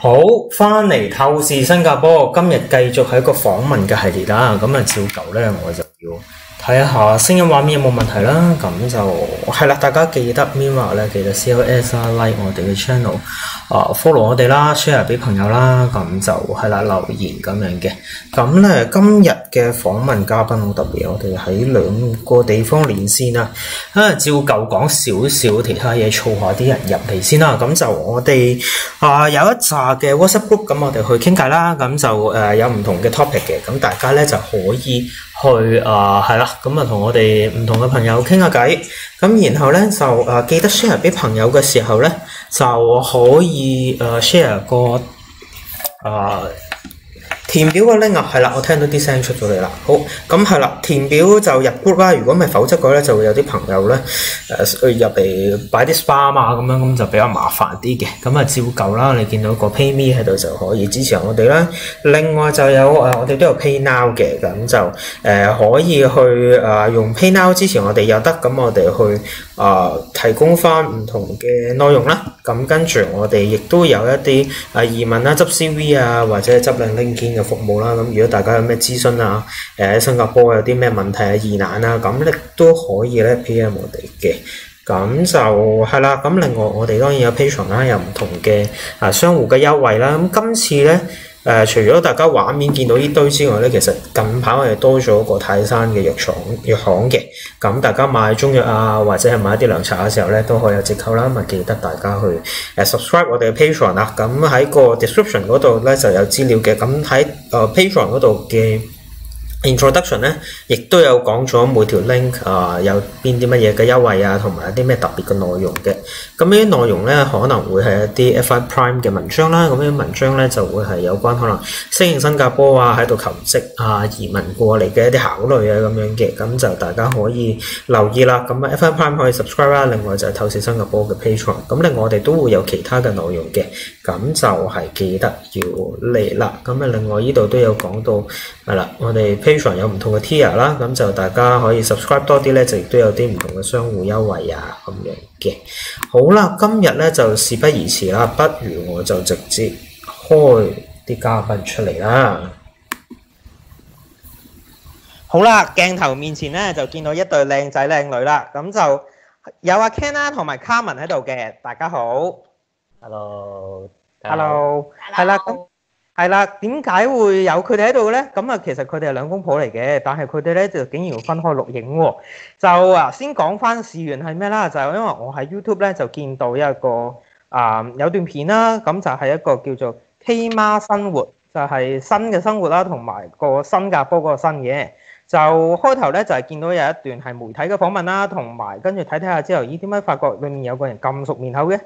好，翻嚟透視新加坡，今日繼續係一個訪問嘅系列啦。咁啊，照舊咧，我就要。睇下聲音畫面有冇問題啦，咁就係啦。大家記得 Mirror 咧？記得 CLS 啊，like 我哋嘅 channel 啊，follow 我哋啦，share 俾朋友啦，咁、啊、就係啦，留言咁樣嘅。咁咧今日嘅訪問嘉賓好特別，我哋喺兩個地方連線啊。啊，照舊講少少其他嘢，湊下啲人入嚟先啦。咁就我哋啊有一紮嘅 WhatsApp Book，咁，我哋去傾偈啦。咁就誒、呃、有唔同嘅 topic 嘅，咁大家咧就可以。去啊，係、呃、啦，咁啊同我哋唔同嘅朋友傾下偈，咁然後咧就啊、呃、記得 share 俾朋友嘅時候咧就可以啊 share、呃、個啊。呃填表嘅 link 啊，係啦，我聽到啲聲出咗嚟啦。好，咁係啦，填表就入 group 啦。如果唔係，否則嘅咧就會有啲朋友咧誒入嚟擺啲 spa 嘛咁樣，咁就比較麻煩啲嘅。咁啊，照舊啦，你見到個 PayMe 喺度就可以支持我哋啦。另外就有誒、啊，我哋都有 PayNow 嘅，咁就誒、呃、可以去誒、啊、用 PayNow。之前我哋有得，咁我哋去誒、啊、提供翻唔同嘅內容啦。咁跟住我哋亦都有一啲誒移民啦，執、啊啊、CV 啊，或者執靚 LinkedIn。有服務啦，咁如果大家有咩諮詢啊，誒、呃、喺新加坡有啲咩問題啊、疑難啊，咁咧都可以咧 P.M 我哋嘅，咁就係啦。咁另外我哋當然有 Patreon 啦，有唔同嘅啊商戶嘅優惠啦。咁今次咧。誒、呃，除咗大家畫面見到呢堆之外咧，其實近排我哋多咗個泰山嘅藥廠藥行嘅，咁大家買中藥啊，或者係買啲涼茶嘅時候咧，都可以有折扣啦，咪記得大家去誒 subscribe 我哋嘅 Patreon 啦、啊，咁、啊、喺個 description 嗰度咧就有資料嘅，咁喺誒 Patreon 嗰度嘅。呃 Introduction 咧，亦都有講咗每條 link 啊，有邊啲乜嘢嘅優惠啊，同埋一啲咩特別嘅內容嘅。咁呢啲內容咧，可能會係一啲 FI Prime 嘅文章啦。咁呢啲文章咧就會係有關可能適應新加坡啊，喺度求職啊，移民過嚟嘅一啲考慮啊咁樣嘅。咁就大家可以留意啦。咁啊，FI Prime 可以 subscribe 啦、啊。另外就係透視新加坡嘅 Patreon。咁另外我哋都會有其他嘅內容嘅。咁就係記得要嚟啦。咁啊，另外呢度都有講到係啦，我哋。有唔同嘅 tier 啦，咁就大家可以 subscribe 多啲呢，就亦都有啲唔同嘅商戶優惠啊，咁樣嘅。好啦，今日呢就事不宜遲啦，不如我就直接開啲嘉賓出嚟啦。好啦、啊，鏡頭面前呢就見到一對靚仔靚女啦，咁就有阿、啊、Ken 啦同埋 Karman 喺度嘅，大家好。Hello。Hello。Hello。係啦，點解會有佢哋喺度咧？咁啊，其實佢哋係兩公婆嚟嘅，但係佢哋咧就竟然要分開錄影喎。就啊，先講翻事源係咩啦？就係、因為我喺 YouTube 咧就見到一個啊、嗯、有段片啦，咁就係、是、一個叫做《K 媽新活》，就係、是、新嘅生活啦，同埋個新加坡嗰個新嘢。就開頭咧就係見到有一段係媒體嘅訪問啦，同埋跟住睇睇下之後，咦，點解發覺裡面有個人咁熟面口嘅？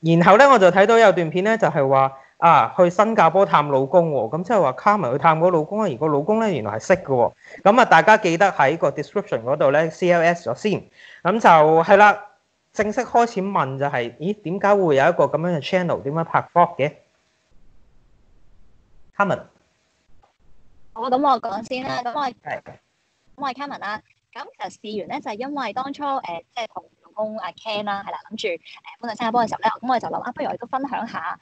然後咧我就睇到有段片咧，就係話。啊！去新加坡探老公喎，咁、就、即、是、係話 Karman 去探個老公啦。而個老公咧原來係識嘅喎，咁啊大家記得喺個 description 嗰度咧 CLS 咗先，咁就係啦。正式開始問就係、是，咦點解會有一個咁樣嘅 channel 點樣拍 vlog 嘅？Karman，好啊，咁我講先啦。咁我係我係 Karman 啦。咁其實事緣咧就係因為當初誒即係同老公阿 Ken 啦係啦諗住誒搬去新加坡嘅時候咧，咁我就諗啊，不如我哋都分享下。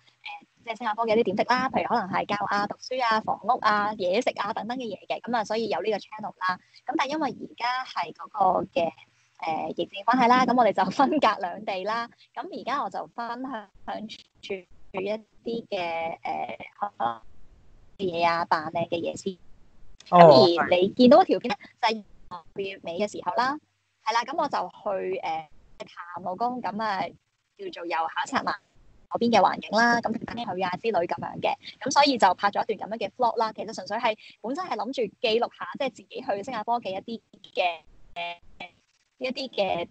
即係新加坡嘅一啲點滴啦，譬如可能係教啊、讀書啊、房屋啊、嘢食啊、等等嘅嘢嘅，咁啊，所以有呢個 channel 啦。咁但係因為而家係嗰個嘅誒、呃、疫情關係啦，咁我哋就分隔兩地啦。咁而家我就分享享住，住一啲嘅誒嘢啊，扮靚嘅嘢先。咁、oh, right. 而你見到嘅條片咧，就係、是、月尾嘅時候啦。係啦，咁我就去誒探老公，咁、呃、啊叫做游下策嘛。邊嘅環境啦，咁去啊之類咁樣嘅，咁所以就拍咗一段咁樣嘅 vlog 啦。其實純粹係本身係諗住記錄下，即係自己去新加坡嘅一啲嘅誒，一啲嘅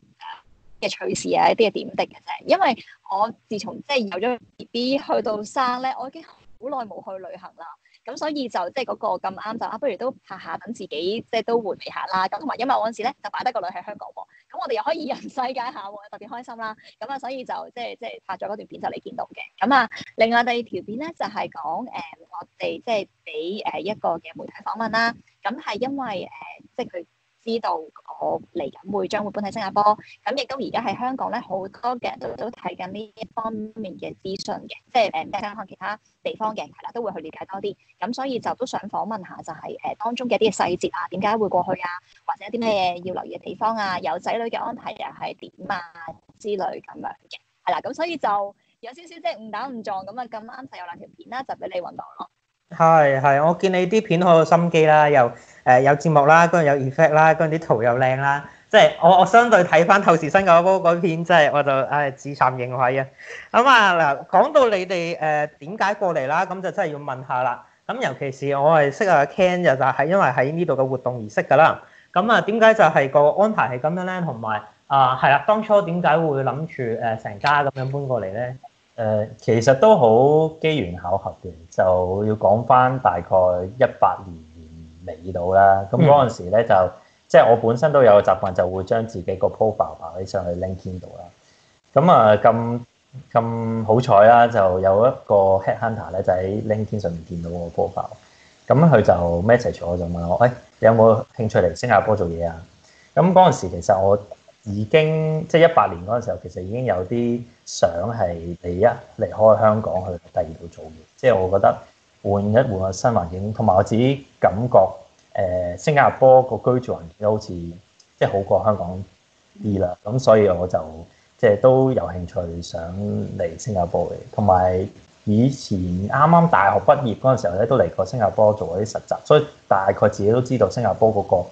嘅趣事啊，一啲嘅點滴嘅啫。因為我自從即係有咗 BB 去到生咧，我已經好耐冇去旅行啦。咁所以就即係嗰個咁啱就啊，不如都拍下等自己即係都回味下啦。咁同埋因為嗰陣時咧就擺得個女喺香港喎，咁我哋又可以二人世界下喎，特別開心啦。咁啊，所以就即係即係拍咗嗰段片就嚟見到嘅。咁啊，另外第二條片咧就係、是、講誒我哋即係俾誒一個嘅媒體訪問啦。咁係因為誒即係佢。知道我嚟緊會將會搬喺新加坡，咁亦都而家喺香港咧，好多嘅人都睇緊呢一方面嘅資訊嘅，即係誒睇下其他地方嘅，係啦，都會去了解多啲，咁所以就都想訪問下、就係，就係誒當中嘅一啲細節啊，點解會過去啊，或者一啲咩要留意嘅地方啊，有仔女嘅安排又係點啊之類咁樣嘅，係啦，咁所以就有少少即係誤打誤撞咁啊，咁啱就有兩條片啦，就俾你揾到咯。係係，我見你啲片好有心機啦，又誒、呃、有字幕啦，跟住有 effect 啦，跟住啲圖又靚啦，即係我我相對睇翻《透視新加坡》嗰片，真係我就誒自慚形穢啊！咁啊嗱，講到你哋誒點解過嚟啦，咁就真係要問下啦。咁尤其是我係識阿 Ken 嘅，就係因為喺呢度嘅活動而識噶啦。咁啊，點解就係個安排係咁樣咧？同埋啊，係啦，當初點解會諗住誒成家咁樣搬過嚟咧？誒，其實都好機緣巧合嘅，就要講翻大概一八年尾到啦。咁嗰陣時咧，就、嗯、即係我本身都有個習慣，就會將自己個 profile 擺喺上去 LinkedIn 度啦。咁啊，咁咁好彩啦，就有一個 headhunter 咧，就喺 LinkedIn 上面見到我個 profile。咁佢就 message 咗，就問我：誒、哎，有冇興趣嚟新加坡做嘢啊？咁嗰陣時其實我已經即係一八年嗰陣時候，其實已經有啲想係第一離開香港去第二度做嘢，即係我覺得換一換個新環境，同埋我自己感覺誒、呃、新加坡個居住環境好似即係好過香港啲啦，咁所以我就即係都有興趣想嚟新加坡嘅。同埋以前啱啱大學畢業嗰陣時候咧，都嚟過新加坡做過啲實習，所以大概自己都知道新加坡嗰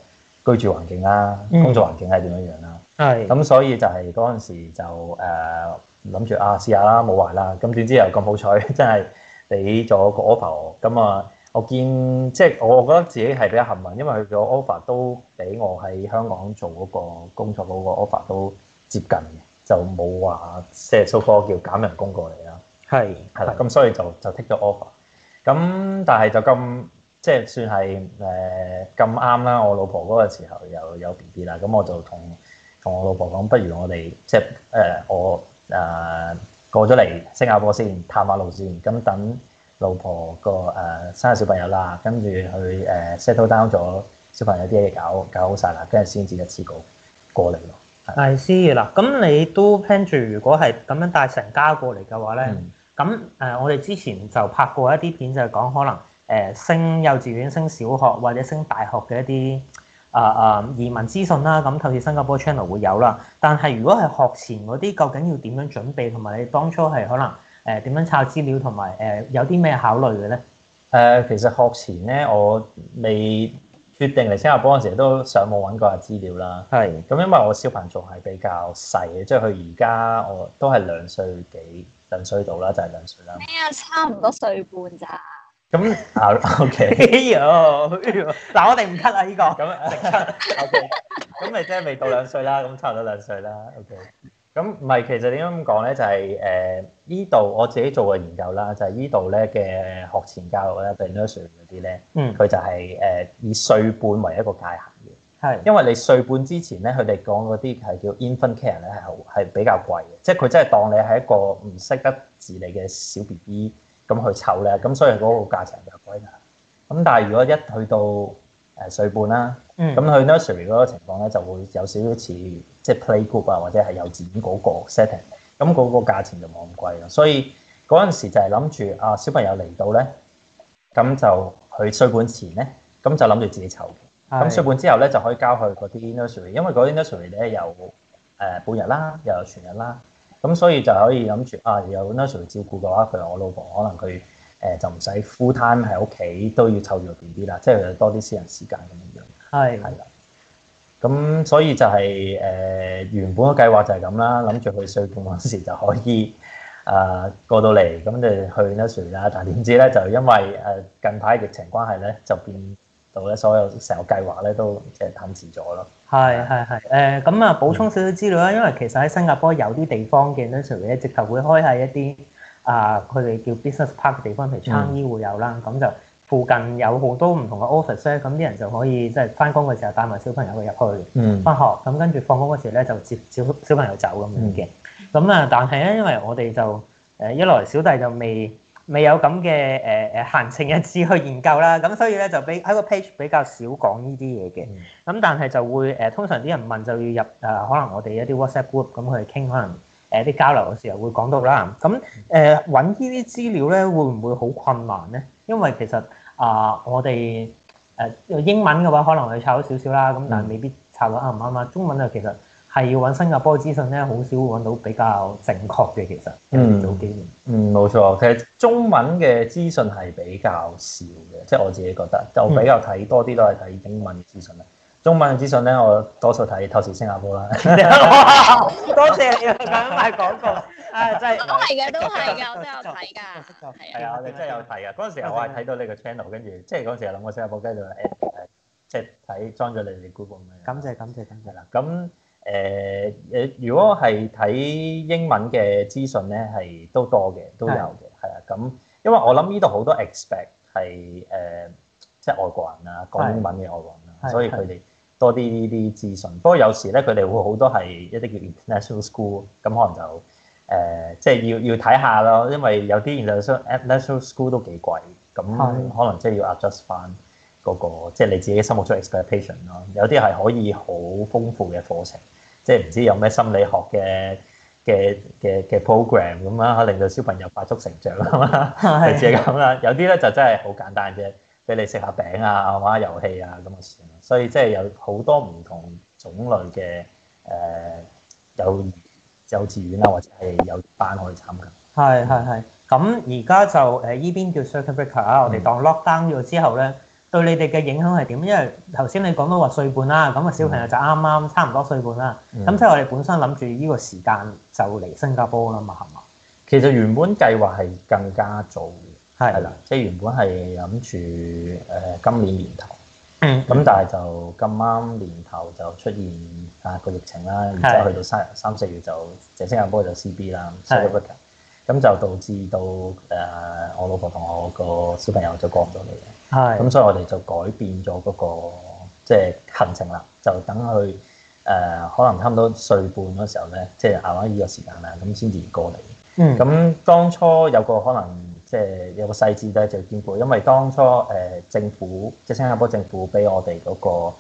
個居住環境啦、啊、工作環境係點樣樣啦。係。咁所以就係嗰陣時就誒。呃諗住啊，試下啦，冇壞啦。咁點知又咁好彩，真係俾咗個 offer 我。咁啊，我見即係我覺得自己係比較幸運，因為佢個 offer 都俾我喺香港做嗰個工作嗰個 offer 都接近，就冇話即係 so far 叫減人工過嚟啦。係係啦，咁吧所以就就 take 咗 offer。咁但係就咁即係算係誒咁啱啦。我老婆嗰個時候又有 B B 啦，咁我就同同我老婆講，不如我哋即係誒、呃、我。誒、呃、過咗嚟新加坡先探下路先，咁、嗯、等老婆個誒、呃、生下小朋友啦，跟住去誒、呃、settle down 咗小朋友啲嘢搞搞好晒啦，跟住先至一次過過嚟咯。I see 啦，咁你都 plan 住如果係咁樣帶成家過嚟嘅話咧，咁誒、嗯呃、我哋之前就拍過一啲片就係講可能誒、呃、升幼稚園、升小學或者升大學嘅一啲。啊啊！Uh, uh, 移民資訊啦，咁透視新加坡 channel 會有啦。但係如果係學前嗰啲，究竟要點樣準備，同埋你當初係可能誒點、呃、樣查資料，同埋誒有啲咩、呃、考慮嘅咧？誒、呃，其實學前咧，我未決定嚟新加坡嗰陣時候，都上網揾過下資料啦。係是，咁、嗯、因為我小朋友仲係比較細嘅，即係佢而家我都係兩歲幾兩歲到啦，就係、是、兩歲啦。咩啊？差唔多歲半咋？咁，O K，嗱，嗯 okay. 我哋唔 cut 啦依個。咁，O K，咁咪即係未到兩歲啦，咁差唔多兩歲啦。O K，咁唔係，其實點樣咁講咧？就係誒，依度我自己做過研究啦，就係依度咧嘅學前教育咧 preschool 嗰啲咧，佢就係誒以歲半為一個界限嘅，係的，因為你歲半之前咧，佢哋講嗰啲係叫 infant care 咧，係係比較貴嘅，即係佢真係當你係一個唔識得自理嘅小 B B。咁去湊咧，咁所以嗰個價錢就貴啦。咁但係如果一去到誒歲、呃、半啦、啊，咁、嗯、去 nursery 嗰個情況咧就會有少少似即係 playgroup 啊，或者係幼稚園嗰個 setting，咁嗰個價錢就冇咁貴啦。所以嗰陣時就係諗住啊，小朋友嚟到咧，咁就去歲半前咧，咁就諗住自己湊嘅。咁歲半之後咧就可以交去嗰啲 nursery，因為嗰啲 nursery 咧有誒、呃、半日啦，又有全日啦。咁所以就可以諗住啊，有 Nursery 照顧嘅話，譬如我老婆可能佢誒、呃、就唔使 full time 喺屋企都要湊住 B B 啦，即係多啲私人時間咁樣。係的。係啦。咁所以就係、是、誒、呃、原本嘅計劃就係咁啦，諗住去歲末嗰時就可以啊、呃、過到嚟，咁就去 Nursery 啦。但係點知咧，就因為誒近排疫情關係咧，就變到咧所有成個計劃咧都即係耽遲咗咯。係係係，誒咁啊，嗯嗯、補充少少資料啦，因為其實喺新加坡有啲地方嘅，咧除一直頭會開喺一啲啊，佢、呃、哋叫 business park 嘅地方，譬如樟宜會有啦，咁、嗯、就附近有好多唔同嘅 office 咧，咁啲人就可以即係翻工嘅時候帶埋小朋友入去，嗯，翻學，咁跟住放工嗰時咧就接小小朋友走咁樣嘅，咁啊、嗯，但係咧，因為我哋就誒、呃、一來小弟就未。未有咁嘅誒誒閒情逸致去研究啦，咁所以咧就比喺個 page 比較少講呢啲嘢嘅。咁但係就會誒，通常啲人問就要入誒，可能我哋一啲 WhatsApp group，咁去哋傾可能誒啲交流嘅時候會講到啦。咁誒揾呢啲資料咧，會唔會好困難咧？因為其實啊、呃，我哋誒、呃、英文嘅話，可能要抄少少啦。咁但係未必抄得啱唔啱啊？中文啊，其實～係要揾新加坡資訊咧，好少揾到比較正確嘅，其實揾唔到幾年。嗯，冇錯，其實中文嘅資訊係比較少嘅，即係我自己覺得，就比較睇多啲都係睇英文嘅資訊啦。中文嘅資訊咧，我多數睇透視新加坡啦。多謝你咁樣賣廣告，啊真係。都係嘅，都係嘅，我都有睇㗎。係啊，你真係有睇㗎。嗰陣時我係睇到你個 channel，跟住即係嗰陣時諗過新加坡雞就話誒，即係睇裝咗你哋 Google 咩？感謝感謝感謝啦。咁。誒誒、呃，如果係睇英文嘅資訊咧，係都多嘅，都有嘅，係啊是的，咁因為我諗呢度好多 expect 係誒，即、呃、係、就是、外國人啊，講英文嘅外國人啊，是的 所以佢哋多啲呢啲資訊。是的 不過有時咧，佢哋會好多係一啲叫 international school，咁可能就誒，即、呃、係、就是、要要睇下咯，因為有啲研究生 international school 都幾貴，咁可能即係要 adjust 翻。嗰、那個即係你自己心目中 expectation 咯，有啲係可以好豐富嘅課程，即係唔知有咩心理學嘅嘅嘅嘅 program 咁啊，令到小朋友快速成長啊嘛，的就係咁啦。有啲咧就真係好簡單嘅，俾你食下餅啊，玩下遊戲啊咁就算。所以即係有好多唔同種類嘅誒幼幼稚園啊，或者係有班可以參加。係係係。咁而家就誒依邊叫 circuit breaker 啊，我哋當 lockdown 咗之後咧。對你哋嘅影響係點？因為頭先你講到話歲半啦，咁、個小朋友就啱啱差唔多歲半啦。咁所以我哋本身諗住呢個時間就嚟新加坡啦嘛，係嘛？其實原本計劃係更加早，係啦是，即係原本係諗住誒今年年頭，咁、嗯嗯、但係就咁啱年頭就出現啊個疫情啦，是然之後去到三三四月就即新加坡就 C B 啦，咁就導致到誒、呃、我老婆同我個小朋友就過唔到嚟嘅，咁是的 所以我哋就改變咗嗰、那個即係、就是、行程啦，就等佢誒、呃、可能差唔多歲半嗰時候咧，即係娃下呢個時間啦，咁先至過嚟。咁、嗯、當初有個可能即係、就是、有個細節咧就兼顧，因為當初誒、呃、政府即係、就是、新加坡政府俾我哋嗰、那個。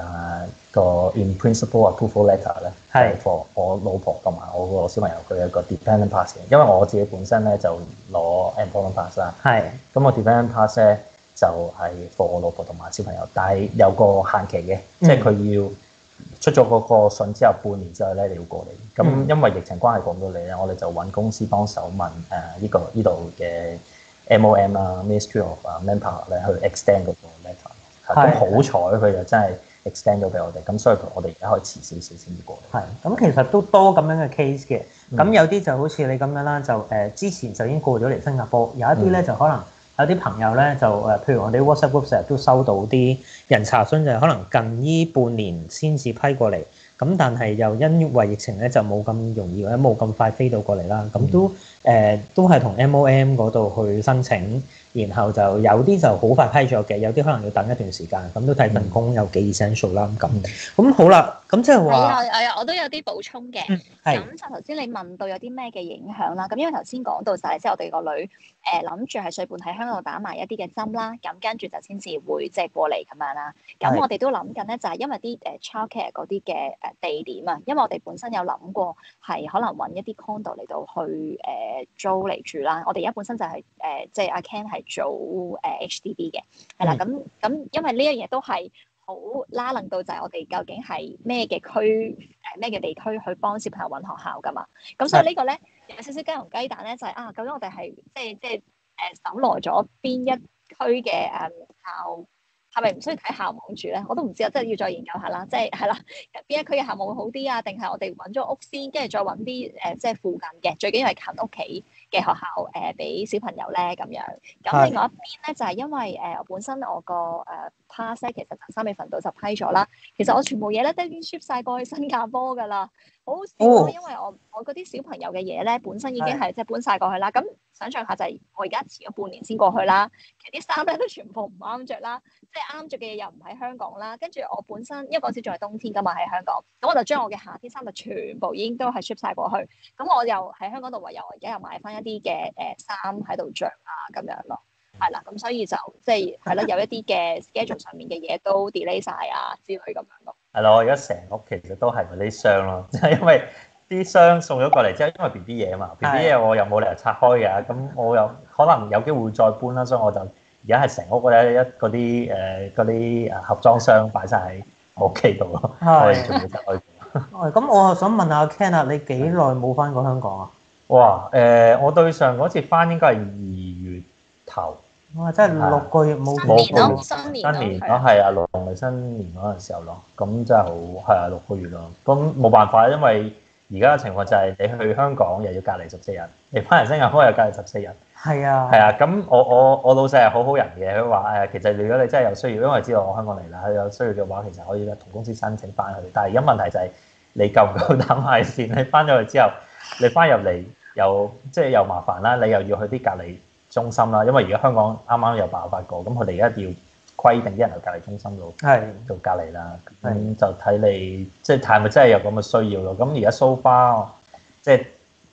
啊個、uh, in principle 啊 approval letter 咧係是，for 我老婆同埋我個小朋友佢有個 dependent pass，因為我自己本身咧就攞 employment pass 係是，咁我 dependent pass 咧就係、是、for 我老婆同埋小朋友，但係有個限期嘅，嗯、即係佢要出咗嗰個信之後半年之後咧你要過嚟，咁因為疫情關係過唔到嚟咧，我哋就揾公司幫手問誒呢、呃這個呢度嘅 MOM 啊，Ministry of 啊 Manpower 咧去 extend 嗰個 letter，咁好彩佢就真係～Extend 咗俾我哋，咁所以佢我哋而家可以遲少少先至過嚟。係，咁其實都多咁樣嘅 case 嘅，咁有啲就好似你咁樣啦，就誒、呃、之前就已經過咗嚟新加坡，有一啲咧、嗯、就可能有啲朋友咧就誒、呃，譬如我哋 WhatsApp group 成日都收到啲人查詢，就是、可能近依半年先至批過嚟，咁但係又因為疫情咧就冇咁容易或者冇咁快飛到過嚟啦，咁都誒、嗯呃、都係同 MOM 嗰度去申請。然後就有啲就好快批咗嘅，有啲可能要等一段時間，咁都睇份工有幾 essential 啦。咁咁好啦，咁即係話，係啊， 我都有啲補充嘅。咁就頭先你問到有啲咩嘅影響啦。咁因為頭先講到晒，即係我哋個女誒諗住係歲半喺香港度打埋一啲嘅針啦，咁跟住就先至會即係過嚟咁樣啦。咁我哋都諗緊咧，就係因為啲誒 childcare 嗰啲嘅誒地點啊，因為我哋本身有諗過係可能揾一啲 condo 嚟到去誒租嚟住啦。我哋而家本身就係、是、誒、呃，即係阿 Ken 係。做誒 HDB 嘅係啦，咁咁因為呢一樣嘢都係好拉能到，就係我哋究竟係咩嘅區誒咩嘅地區去幫小朋友揾學校㗎嘛？咁的所以個呢個咧有少少雞同雞蛋咧，就係、是、啊究竟我哋係即係即係誒搜羅咗邊一區嘅誒校係咪唔需要睇校網住咧？我都唔知啊，即、就、係、是、要再研究下啦。即係係啦，邊一區嘅校網會好啲啊？定係我哋揾咗屋先，跟住再揾啲誒即係附近嘅，最緊要係近屋企。嘅學校誒俾，呃、小朋友咧咁樣，咁另外一邊咧就係、是、因為誒、呃、本身我個誒 pass 咧其實就三月份到就批咗啦，其實我全部嘢咧都已經 ship 曬過去新加坡噶啦。好，因為我我嗰啲小朋友嘅嘢咧本身已經係即係搬晒過去啦，咁想象下就係我而家遲咗半年先過去啦，其實啲衫咧都全部唔啱着啦。即係啱着嘅嘢又唔喺香港啦，跟住我本身，因為嗰時仲係冬天噶嘛喺香港，咁我就將我嘅夏天衫就全部已經都係 ship 曬過去。咁我又喺香港度唯有而家又買翻一啲嘅誒衫喺度着啊，咁樣咯，係啦。咁所以就即係係啦，有一啲嘅 schedule 上面嘅嘢都 delay 晒啊之類咁樣咯。係咯，我而家成屋其實都係嗰啲箱咯，就係因為啲箱送咗過嚟之後，因為 B B 嘢啊嘛，B B 嘢我又冇理由拆開嘅，咁我又可能有機會再搬啦，所以我就。而家係成屋嘅一嗰啲誒嗰啲盒裝箱擺晒喺我屋企度咯，我仲未拆開。咁我又想問下 Ken 啊，你幾耐冇翻過香港啊？哇！誒，我對上嗰次翻應該係二月頭。哇！真係六個月冇見，新年，新年嗰係啊，六號嘅新年嗰陣時候咯，咁真係好係啊，六個月咯。咁冇辦法，因為而家嘅情況就係你去香港又要隔離十四日，你翻嚟新加坡又隔離十四日。係啊，係啊，咁我我我老細係好好人嘅，佢話誒，其實如果你真係有需要，因為知道我香港嚟啦，佢有需要嘅話，其實可以咧同公司申請翻去。但係有問題就係你夠唔夠膽下線？你翻咗去之後，你翻入嚟又即係又麻煩啦，你又要去啲隔離中心啦。因為而家香港啱啱又爆發過，咁佢哋而家要規定啲人喺隔離中心度是做隔離啦。咁就睇你即係睇咪真係有咁嘅需要咯。咁而家 so far 即係。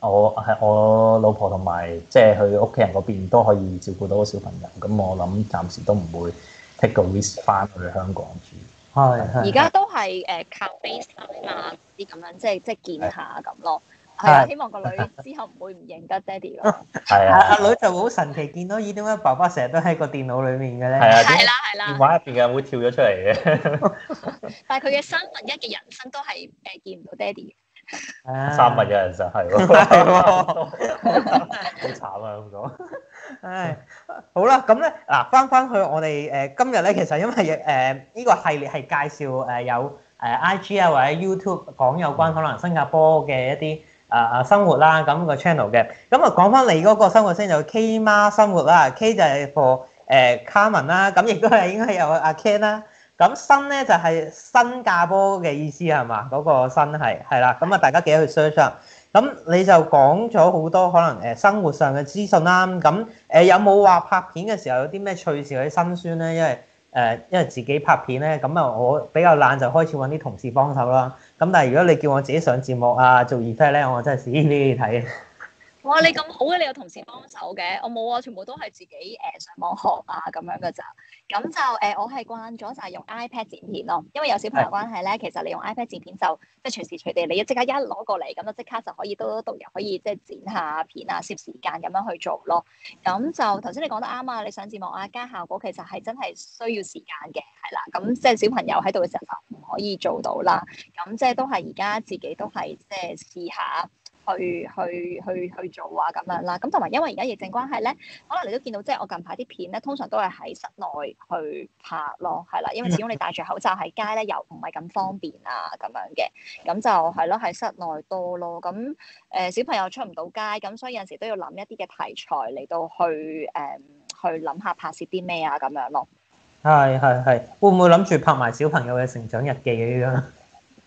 我係我老婆同埋，即係佢屋企人嗰邊都可以照顧到個小朋友，咁我諗暫時都唔會 take a risk 翻去香港住。係、哎，而、哎、家、哎、都係誒靠 FaceTime 啲咁樣，即係即係見下咁咯。係、哎，啊、希望個女之後唔會唔認得爹哋咯。係啊，阿 女就好神奇見到咦？點解爸爸成日都喺個電腦裡面嘅咧？係啊，係啦，係啦，電話入邊嘅會跳咗出嚟嘅。但係佢嘅三分一嘅人生都係誒見唔到爹哋。啊、三文有人就係咯，好慘的 啊！咁講，唉， 好啦，咁咧嗱，翻翻去我哋誒今日咧，其實因為誒呢個系列係介紹誒有誒 I G 啊或者 YouTube 講有關可能新加坡嘅一啲啊啊生活啦咁、這個 channel 嘅，咁啊講翻你嗰個生活先就 K 媽生活啦，K 就係 for 誒 Karman 啦，咁亦都係應該有阿 Ken 啦。咁新咧就係、是、新加坡嘅意思係嘛？嗰、那個新係係啦。咁啊，大家記得去 search。咁你就講咗好多可能誒生活上嘅資訊啦。咁誒有冇話拍片嘅時候有啲咩趣事或者辛酸咧？因為誒、呃、因為自己拍片咧，咁啊我比較懶就開始揾啲同事幫手啦。咁但係如果你叫我自己上節目啊做 interview 咧，我真係死都要睇。哇！你咁好嘅，你有同事幫手嘅，我冇啊，全部都係自己誒、呃、上網學啊咁樣嘅咋，咁就誒、呃，我係慣咗就係用 iPad 剪片咯，因為有小朋友關係咧，其實你用 iPad 剪片就即係隨時隨地，你一即刻一攞過嚟咁就即刻就可以都篤入，可以即係剪下片啊，攝時間咁樣去做咯。咁就頭先你講得啱啊，你上字幕啊，加效果其實係真係需要時間嘅，係啦。咁即係小朋友喺度嘅時候就唔可以做到啦。咁即係都係而家自己都係即係試下。去去去去做啊咁樣啦，咁同埋因為而家疫症關係咧，可能你都見到，即係我近排啲片咧，通常都係喺室內去拍咯，係啦，因為始終你戴住口罩喺街咧，又唔係咁方便啊咁樣嘅，咁就係咯，喺室內多咯，咁誒、呃、小朋友出唔到街，咁所以有陣時都要諗一啲嘅題材嚟到去誒、呃、去諗下拍攝啲咩啊咁樣咯。係係係，會唔會諗住拍埋小朋友嘅成長日記咁樣啊？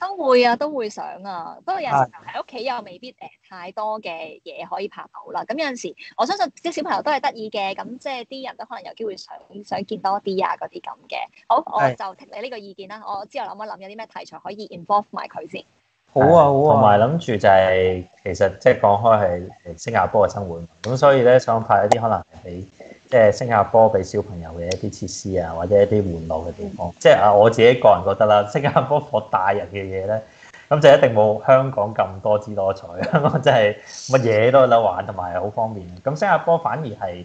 都會啊，都會想啊，不過有時候喺屋企又未必誒太多嘅嘢可以拍到啦。咁有陣時，我相信啲小朋友都係得意嘅，咁即係啲人都可能有機會想想見多啲啊嗰啲咁嘅。好，我就聽你呢個意見啦。我之後諗一諗有啲咩題材可以 involve 埋佢先。好啊，好啊。同埋諗住就係其實即係講開係新加坡嘅生活，咁所以咧想拍一啲可能係俾即係新加坡俾小朋友嘅一啲設施啊，或者一啲玩樂嘅地方。即係啊，我自己個人覺得啦，新加坡 for 大人嘅嘢咧，咁就一定冇香港咁多姿多彩，香港真係乜嘢都有得玩，同埋好方便。咁新加坡反而係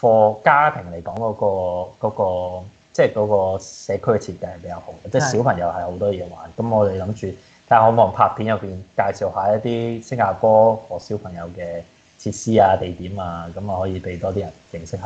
for 家庭嚟講嗰個即係嗰個社區嘅設計係比較好，即係小朋友係好多嘢玩。咁的我哋諗住。但係我望拍片入邊介紹下一啲新加坡和小朋友嘅設施啊、地點啊，咁啊可以俾多啲人認識下。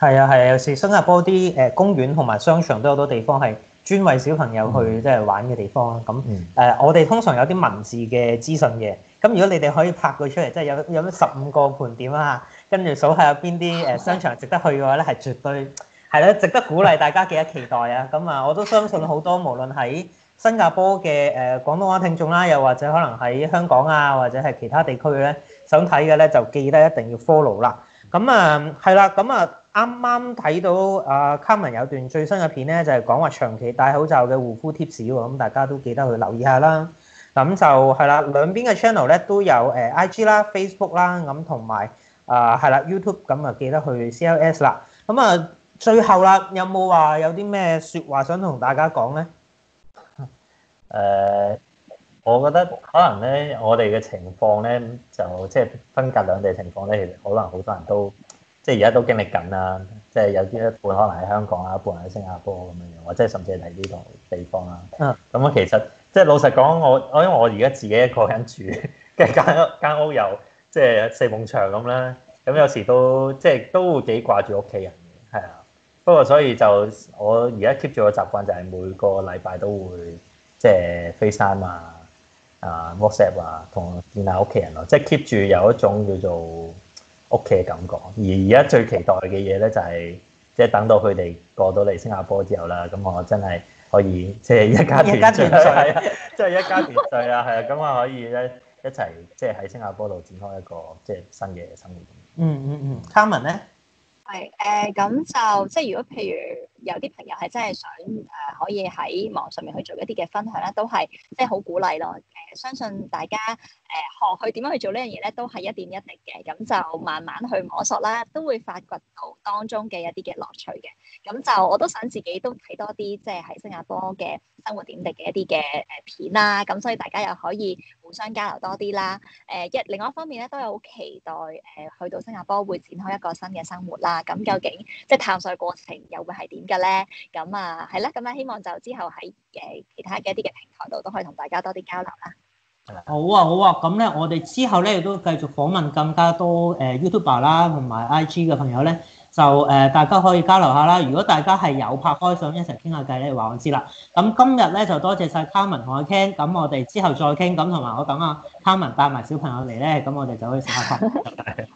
係啊係啊，有時、啊啊、新加坡啲誒公園同埋商場都有好多地方係專為小朋友去即係玩嘅地方啦。咁誒，我哋通常有啲文字嘅資訊嘅。咁如果你哋可以拍到出嚟，即、就、係、是、有有十五個盤點啊，跟住數下有邊啲誒商場值得去嘅話咧，係、啊、絕對係啦、啊，值得鼓勵大家嘅期待啊。咁啊，我都相信好多無論喺新加坡嘅誒廣東話聽眾啦，又或者可能喺香港啊，或者係其他地區咧，想睇嘅咧就記得一定要 follow 啦。咁啊，係啦，咁啊啱啱睇到啊，Karman 有段最新嘅片咧，就係講話長期戴口罩嘅護膚 tips 喎。咁大家都記得去留意下啦。咁就係啦，兩邊嘅 channel 咧都有誒 IG 啦、Facebook 啦，咁同埋啊係啦 YouTube，咁啊記得去 CLS 啦。咁啊，最後啦，有冇話有啲咩説話想同大家講咧？誒，uh, 我覺得可能咧，我哋嘅情況咧，就即係、就是、分隔兩地嘅情況咧，其實可能好多人都即係而家都經歷緊啦。即係有啲一半可能喺香港啊，一半喺新加坡咁樣，或者甚至係呢度地方啊。嗯，咁啊，其實即係老實講，我我因為我而家自己一個人住，跟住間間屋又即係四埲牆咁啦，咁有時都即係都幾掛住屋企人嘅，係啊。不過所以就我而家 keep 住嘅習慣就係每個禮拜都會，即係飛山啊、啊、uh, WhatsApp 啊，同見下屋企人咯、啊，即係 keep 住有一種叫做屋企嘅感覺。而而家最期待嘅嘢咧，就係即係等到佢哋過到嚟新加坡之後啦，咁我真係可以即係、就是、一家團聚，即係一家團聚啊，係、就是、啊，咁 啊我可以咧一齊即係喺新加坡度展開一個即係、就是、新嘅生活。嗯。嗯嗯嗯，Karman 咧？係誒，咁、呃、就即係如果譬如有啲朋友係真係想誒、呃，可以喺網上面去做一啲嘅分享啦，都係即係好鼓勵咯。誒，相信大家。誒學去點樣去做呢樣嘢咧，都係一點一滴嘅，咁就慢慢去摸索啦，都會發掘到當中嘅一啲嘅樂趣嘅。咁就我都想自己都睇多啲，即係喺新加坡嘅生活點滴嘅一啲嘅誒片啦。咁所以大家又可以互相交流多啲啦。誒、呃、一另外一方面咧，都有好期待誒、呃、去到新加坡會展開一個新嘅生活啦。咁究竟即係、就是、探索嘅過程又會係點嘅咧？咁啊，係啦。咁咧希望就之後喺誒其他嘅一啲嘅平台度都可以同大家多啲交流啦。好啊，好啊，咁咧，我哋之後咧亦都繼續訪問更加多誒 YouTuber 啦，同埋 IG 嘅朋友咧，就誒、呃、大家可以交流下啦。如果大家係有拍開想一齊傾下偈咧，話我知啦。咁今日咧就多謝晒卡文同我傾，咁我哋之後再傾。咁同埋我等下卡文帶埋小朋友嚟咧，咁我哋就可以食下飯。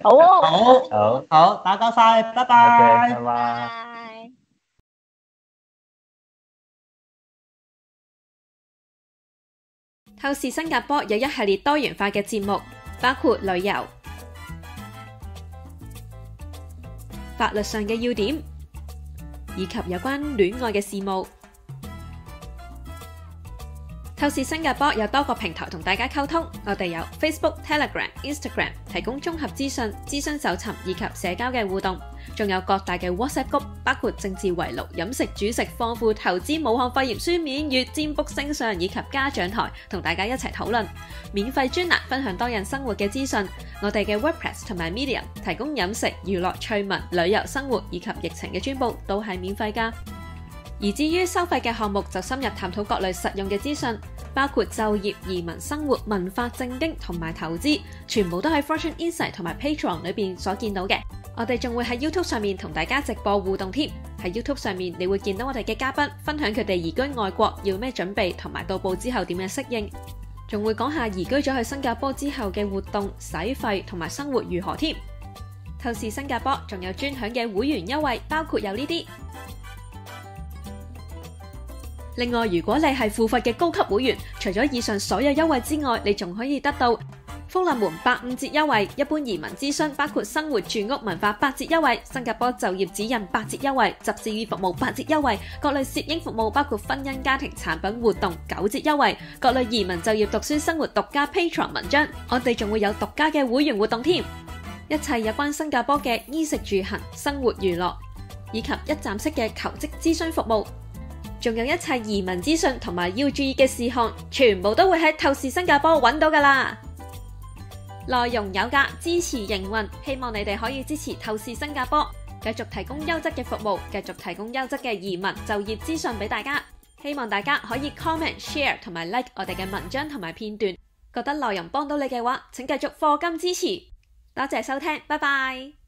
好啊，好，好，好，打攪晒，拜拜。Okay, bye bye. 透視新加坡有一系列多元化嘅節目，包括旅遊、法律上嘅要點，以及有關戀愛嘅事務。透視新加坡有多個平台同大家溝通，我哋有 Facebook、Telegram、Instagram 提供綜合資訊、諮詢搜尋以及社交嘅互動，仲有各大嘅 Whatsapp group，包括政治圍爐、圍爐、飲食、煮食、豐富、投資、武漢肺炎書、書面、月占卜、星相以及家長台，同大家一齊討論免費專欄，分享多人生活嘅資訊。我哋嘅 WordPress 同埋 Medium 提供飲食、娛樂、趣聞、旅遊、生活以及疫情嘅專報，都係免費㗎。而至於收費嘅項目，就深入探討各類實用嘅資訊，包括就業、移民、生活、文化、政經同埋投資，全部都喺 Fortune Insight 同埋 Patreon 裏邊所見到嘅。我哋仲會喺 YouTube 上面同大家直播互動添。喺 YouTube 上面，你會見到我哋嘅嘉賓分享佢哋移居外國要咩準備，同埋到步之後點樣適應，仲會講下移居咗去新加坡之後嘅活動、使費同埋生活如何添。透視新加坡仲有專享嘅會員優惠，包括有呢啲。另外，如果你係付費嘅高級會員，除咗以上所有優惠之外，你仲可以得到福利門八五折優惠、一般移民諮詢、包括生活住屋文化八折優惠、新加坡就業指引八折優惠、執 CV 服務八折優惠、各類攝影服務包括婚姻家庭產品活動九折優惠、各類移民就業讀書生活獨家 Patreon 文章，我哋仲會有獨家嘅會員活動添，一切有關新加坡嘅衣食住行、生活娛樂以及一站式嘅求職諮詢服務。仲有一切移民資訊同埋要注意嘅事項，全部都會喺透視新加坡揾到噶啦。內容有價，支持營運，希望你哋可以支持透視新加坡，繼續提供優質嘅服務，繼續提供優質嘅移民就業資訊俾大家。希望大家可以 comment、share 同埋 like 我哋嘅文章同埋片段。覺得內容幫到你嘅話，請繼續課金支持。多謝收聽，拜拜。